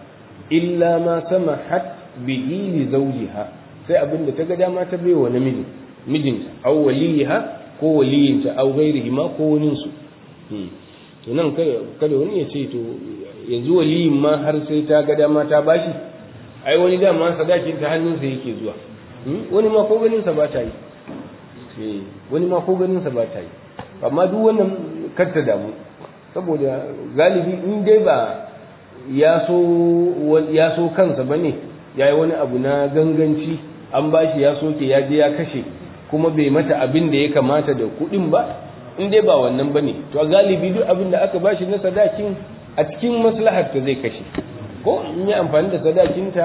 S3: illa ma sama hat bi li zawjiha sai abin da ta ga dama ta bai wa namiji mijinta aw waliha ko waliyinta aw ghairihi ma ko wani su hmm. to nan kada wani ya ce to yanzu waliyin ma har sai ta ga dama ta bashi ai wani dama sadakin ta hannunsa yake zuwa hmm. wani ma ko ganin sa ba ta yi eh, wani ma ko ganin sa ba ta yi amma duk wannan kar ta damu saboda galibi in dai ba ya so kansa ba ne ya yi wani abu na ganganci an ba shi ya soke ya je ya kashe kuma bai mata abin da ya kamata da kuɗin ba in dai ba wannan ba ne to galibi duk abin da aka ba shi na sadakin a cikin maslahar ta zai kashe ko in yi amfani da sadakinta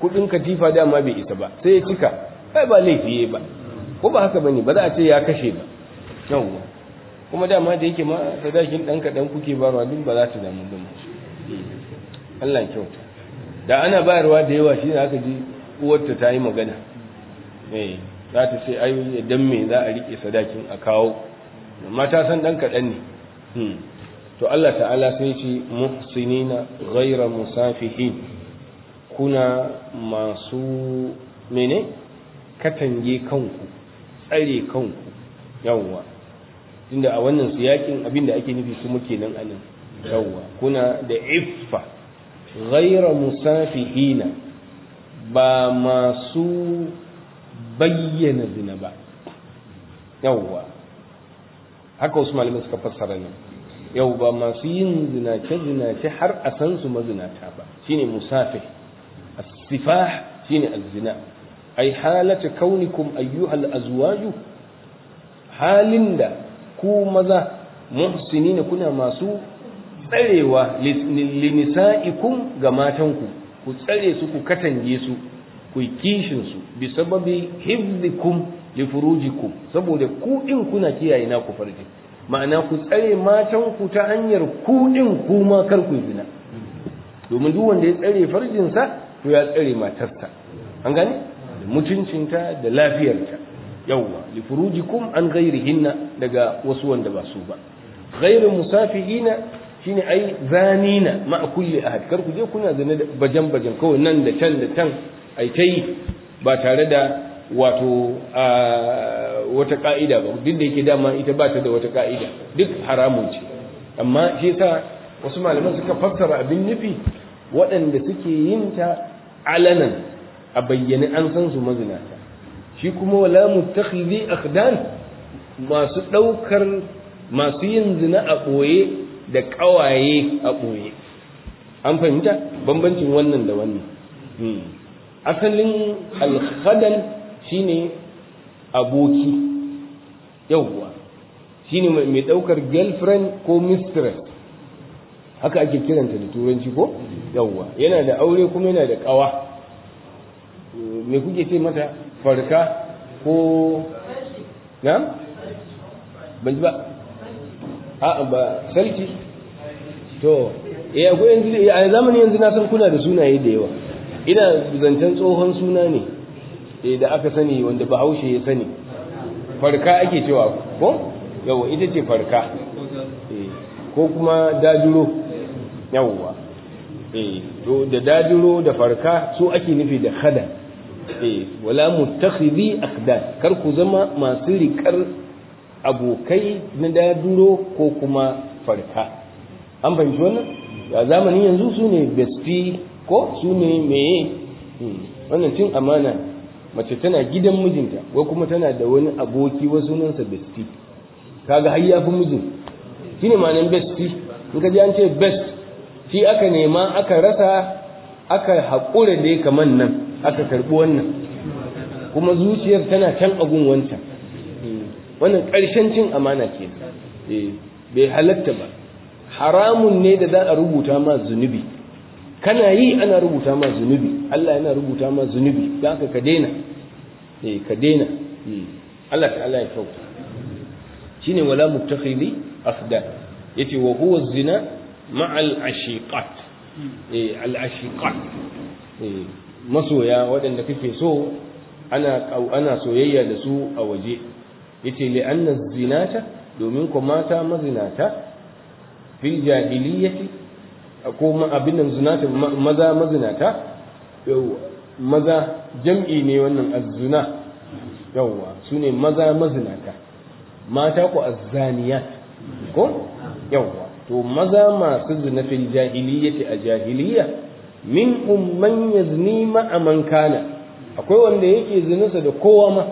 S3: kuɗin katifa dama bai isa ba sai ya cika kai ba laifi ba ko ba haka bane ba za a ce ya kashe ba yawwa kuma dama da yake ma sadakin ɗan kaɗan kuke ba ba za ta damu ba Allah kyauta da ana bayarwa da yawa shi ne aka ji uwarta ta yi magana eh za ta ce ai dan me za a rike sadakin a kawo amma ta san dan kaɗan ne hmm. to Allah ta'ala sai ce muhsinina ghayra musafihin kuna masu mene katange kanku tsare kanku yawwa tunda a wannan siyakin abin da ake nufi su muke nan anan yawwa kuna da iffa ghaira musafihina ba masu bayyana zina ba yawwa haka wasu malamai suka fassara ne yau ba masu yin zinace zinace har a san su mazinata ba shine musafih as-sifah shine az ai halata kaunikum ayyuhal azwaju halin da ku maza muhsini kuna masu tsarewa linisa'ikum ga matanku ku tsare su ku katange su ku kishin su bi sababi hifzikum li furujikum saboda ku din kuna kiyaye na ku farji ma'ana ku tsare matanku ta hanyar ku din ku ma kar ku zina domin duk wanda ya tsare farjin sa to ya tsare matarsa an gane mutuncinta da lafiyarta yawwa li furujikum an ghairihinna daga wasu wanda ba su ba ghairu musafihina shine ai zanina ma kulli ahad kar ku je kuna zane bajan bajan kawai nan da can da can ai ta yi ba tare da wato wata ka'ida ba duk da yake dama ita ba ta da wata ka'ida duk haramun ce amma shi yasa wasu malaman suka fassara abin nufi waɗanda suke yin ta alanan a bayyane an san su mazinata shi kuma wala mutakhidhi akhdan masu ɗaukar masu yin zina a ɓoye da ƙawaye a ɓoye an fahimta bambancin wannan da wannan hmm. asalin alhadan shine aboki yauwa shine mai ɗaukar girlfriend ko mistress haka ake kiranta da turanci ko yauwa yana da aure kuma yana da ƙawa me kuke ce mata farka ko na ban ji ba A'a ba sarki? to eh ko yanzu eh, a zamani yanzu na san kuna da sunaye da yawa ina zancen tsohon suna ne eh da aka sani wanda bahaushe ya sani
S2: farka ake
S3: cewa ko yawa ita ce farka eh, ko kuma dajuro yawa eh to da dajuro da farka su ake nufi da khada eh wala mutakhidhi aqdan kar ku zama masu riƙar abokai na daduro ko kuma farka an fahimci wannan a zamanin yanzu su ne besti ko su ne meye hmm. wannan cin amana mace tana gidan mijinta ko kuma tana da wani aboki wasu nansa besti kaga har yafi mijin shine ma'anin besti in ka ji an ce best shi aka nema aka rasa aka haƙura da ya kaman nan aka karɓi wannan kuma zuciyar tana can agun wancan wannan ƙarshen cin amana ke eh, bai halatta ba haramun ne da za a rubuta ma zunubi kana yi ana rubuta ma zunubi Allah yana rubuta ma zunubi za ka ka daina eh ka daina hmm. Allah ta'ala ya kauta shine wala mutakhili afda yace wa huwa zina ma'al ashiqat eh al ashiqat eh masoya waɗanda kake so ana ana soyayya da su a waje yace li anna zinata domin ko mata mazinata fil jahiliyyati ko ma abin nan zinata maza mazinata yawa maza jam'i ne wannan azzuna yawa sune maza mazinata mata ko azzaniyat ko yawa to maza masu zina fil jahiliyyati a jahiliyya min umman yazni ma man kana akwai wanda yake zinarsa da kowa ma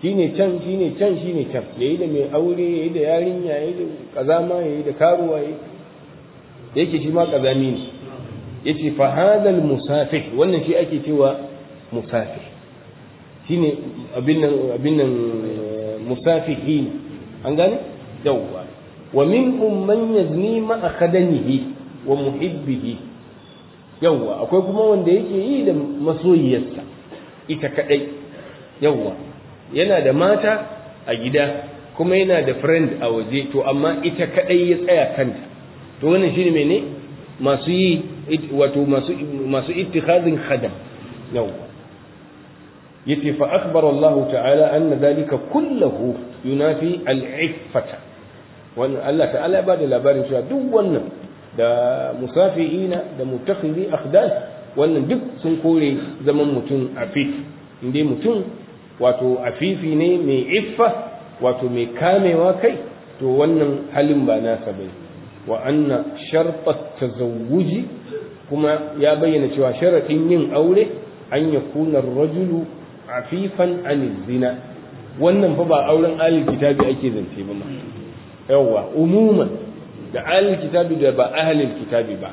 S3: shine can shine can shine can yayi da mai aure yayi da yarinya yayi da kazama yayi da karuwa yayi yake shi ma kazami ne yace fa hadal musafih wannan shi ake cewa musafih shine abin nan abin nan eh, musafihin an gane yawwa wa minhum man yazni ma akhadanihi wa muhibbihi yawwa akwai kuma wanda yake yi da masoyiyarsa ita kadai yawwa yana da mata a gida kuma yana da friend a waje to amma ita kadai ya tsaya kanta to wannan shine mene masu yi wato masu masu ittikhazin khadam yawa yace fa akhbar Allah ta'ala anna dalika kulluhu yunafi al-iffata wannan Allah ta'ala ya bada labarin cewa duk wannan da musafi'ina da mutakhidhi akhdas wannan duk sun kore zaman mutum a fit inda mutum wato afifi ne mai iffa wato mai kamewa kai to wannan halin ba nasa bai wa anna sharta tazawuji kuma ya bayyana cewa sharaɗin yin aure an ya kuna rajulu afifan an zina wannan fa ba auren alil kitabi ake zance ba yawwa umuman da alil kitabi da ba ahlin kitabi ba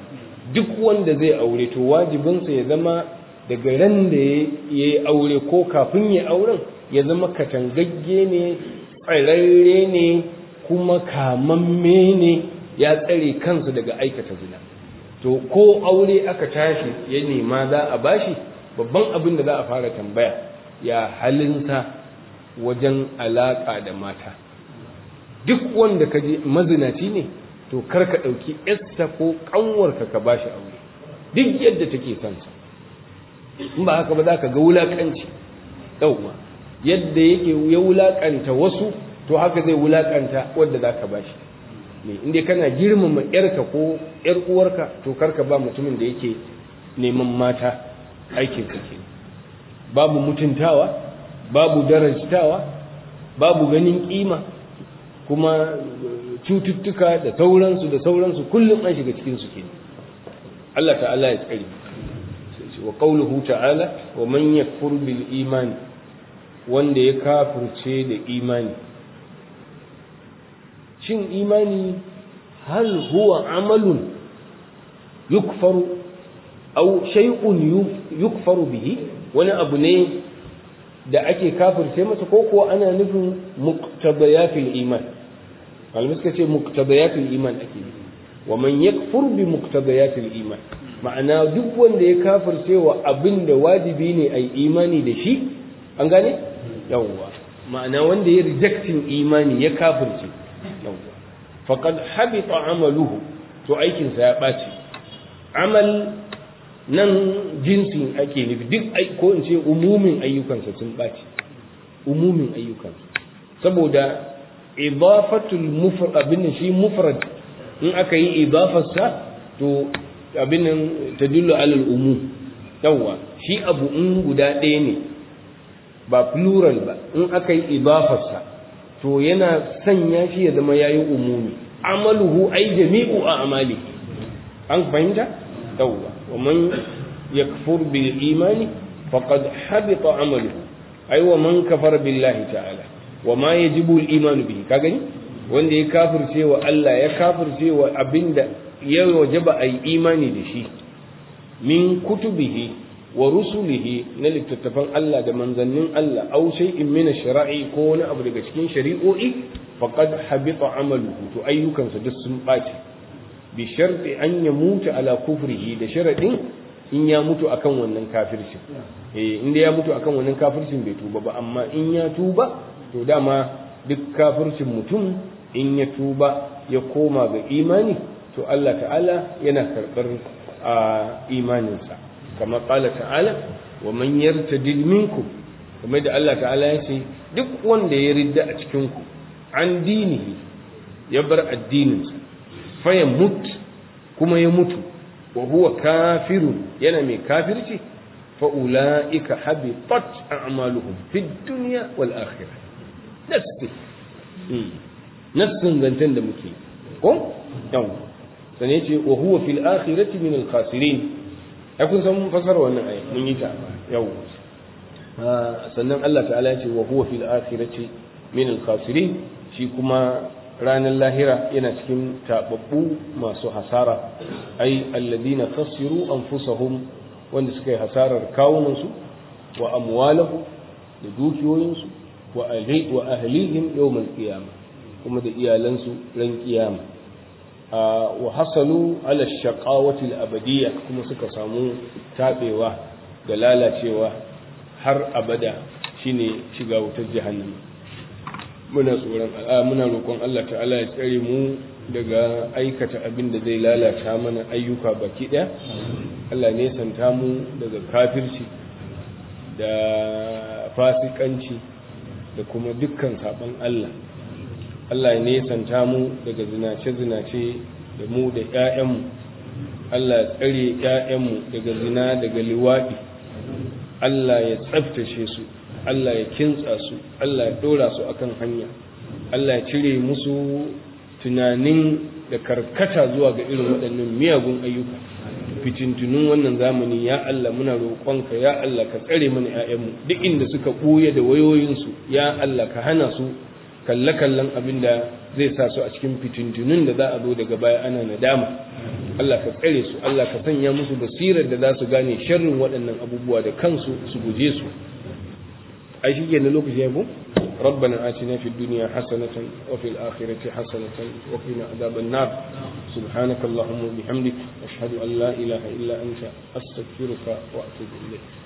S3: duk wanda zai aure to wajibinsa ya zama daga ran da ya yi aure ko kafin ya auren ya zama katangagge ne tsirarre ne kuma kamamme ne ya tsare kansa daga aikata zina to ko aure aka tashi ya nema za a bashi babban abin da za a fara tambaya ya halinta wajen alaƙa da mata duk wanda ka je mazinaci ne to kar ka ɗauki yarsa ko ƙanwarka ka bashi aure duk yadda take son in ba haka ba za ka ga wulakanci yauwa yadda yake ya wulaƙanta wasu to haka zai wulakanta wadda za ka ba shi. ne inda kana girmama yarka ko yar uwarka to karka ba mutumin da yake neman mata aikin kake babu mutuntawa babu darajtawa babu ganin ƙima, kuma cututtuka da sauransu da sauransu kullum an shiga cikin su ke Allah ta'ala ya tsare wa qawluhu ta'ala wa manya yakfur imani wanda ya kafirce da imani shin imani hal huwa amalun yukfaru aw shay'un yukfaru bihi wani abu ne da ake kafirce masa ko kuwa ana nufin muqtadayatul iman malamai suka ce iman ake nufi wa man yakfur bi muqtadayatil iman ma'ana duk wanda ya kafirce wa abin wajibi ne ai imani da shi an gane yawwa ma'ana wanda ya rejecting imani ya kafirce yawwa faqad habita amaluhu to aikin sa ya baci amal nan jinsin ake nufi duk ko in ce umumin ayyukansa sun bace umumin ayyukan saboda idafatul mufrad abin shi mufrad in aka yi ibafarsa to abin nan ta dillo alal umu yawa shi abu in guda ɗaya ne ba plural ba in aka yi ibafarsa to yana sanya shi ya zama yayi umumi amaluhu ai jami'u a amali an fahimta yawa wa man yakfur bil imani faqad habita amaluhu ai wa man kafara billahi ta'ala wa ma yajibu al iman bihi ka gani wanda ya kafirce wa Allah ya kafirce wa abinda ya wajaba a yi imani da shi min kutubihi wa rusulihi na littattafan Allah da manzannin Allah aw in mina shara'i ko wani abu daga cikin shari'o'i faqad habita amaluhu to ayyukansa duk sun baci bi sharti an yamuta ala kufrihi da sharadin in ya mutu akan wannan kafircin eh in ya mutu akan wannan kafircin bai tuba ba amma in ya tuba to dama duk kafircin mutum in ya tuba ya koma ga imani to Allah ta'ala yana karɓar imaninsa kama ƙala ta'ala wa man yartadid minkum kamar da Allah ta'ala ya ce duk wanda ya ridda a cikin ku an dinihi ya bar addininsa fa ya mutu kuma ya mutu wa huwa kafiru, yana mai kafirci fa ulaika habitat a'maluhum fid dunya wal akhirah Na zancen da muke ko yau sane yace wa huwa fil akhirati min al khasirin ai kun san fasar wannan ayi mun yi ta yau ah, sannan Allah ta'ala ya yace wa huwa fil akhirati min al khasirin shi kuma ranar lahira yana cikin tababbu masu hasara ai alladina khasiru anfusahum wanda suka yi hasarar kawunansu wa amwalahu da dukiyoyinsu wa ahlihim yawmal qiyamah kuma da iyalansu ran kiyama wa hasalu ala shaqawati abadiyya kuma suka samu tabewa da lalacewa har abada shine shiga wutar jahannama muna tsoron muna roƙon Allah ta'ala ya tsare mu daga aikata abin da zai lalata mana ayyuka baki ɗaya Allah ne santa mu daga kafirci da fasikanci da kuma dukkan saban Allah Allah ya nesanta mu daga zinace-zinace da mu da ‘ya'yanmu, Allah ya tsare ‘ya'yanmu daga zina daga liwaɗi, Allah ya tsaftace su, Allah ya kintsa su, Allah ya ɗora su akan hanya, Allah ya cire musu tunanin da karkata zuwa ga irin waɗannan miyagun ayyuka. fitintunin wannan zamani ya Allah muna roƙonka ya Allah ka tsare mana ‘ya'yanmu duk inda suka ɓuya da wayoyinsu ya Allah ka hana su kalle-kallen abin da zai sa su a cikin fitintunun da za a zo daga baya ana nadama Allah ka tsare su Allah ka sanya musu basirar da za su gane sharrin waɗannan abubuwa da kansu su guje su ai shi ke na lokaci ya ربنا آتنا في الدنيا حسنة وفي الآخرة حسنة وقنا عذاب
S2: النار سبحانك اللهم وبحمدك أشهد أن لا إله إلا أنت أستغفرك وأتوب إليك